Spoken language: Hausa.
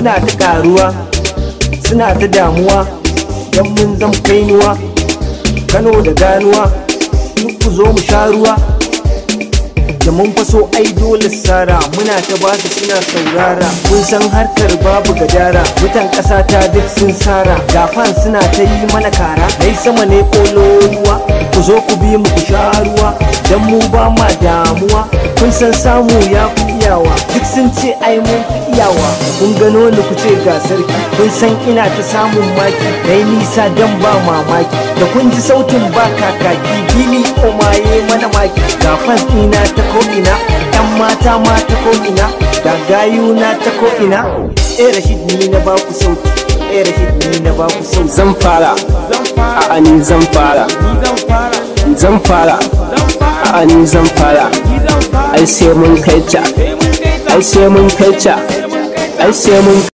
muna ta karuwa suna ta damuwa don mun zan kainuwa kano da ganuwa duk ku zo mu sha ruwa da mun faso ai dole sara muna ta basu suna saurara kun san harkar babu gadara mutan ƙasa ta duk sun sara da suna ta yi mana kara na sama ne ruwa ku zo ku bi mu ku sha ruwa dan mu ba ma damuwa kun san samu ya fi iyawa duk sun ce ai mun fi iyawa kun gano ni ku ce ga sarki kun san ina ta samun maki dai nisa dan ba mamaki da kun ji sautin ba kakaki gini maye mana maki ga fans ina ta ina yan mata ma ta ina ga gayu na ta ina eh rashid ni na ba ku sauti eh rashid ni na ba ku sauti zan fara a'a ni zan fara zan fara a ni zan fara ai sai mun kai ta ai sai mun kai ta ai sai mun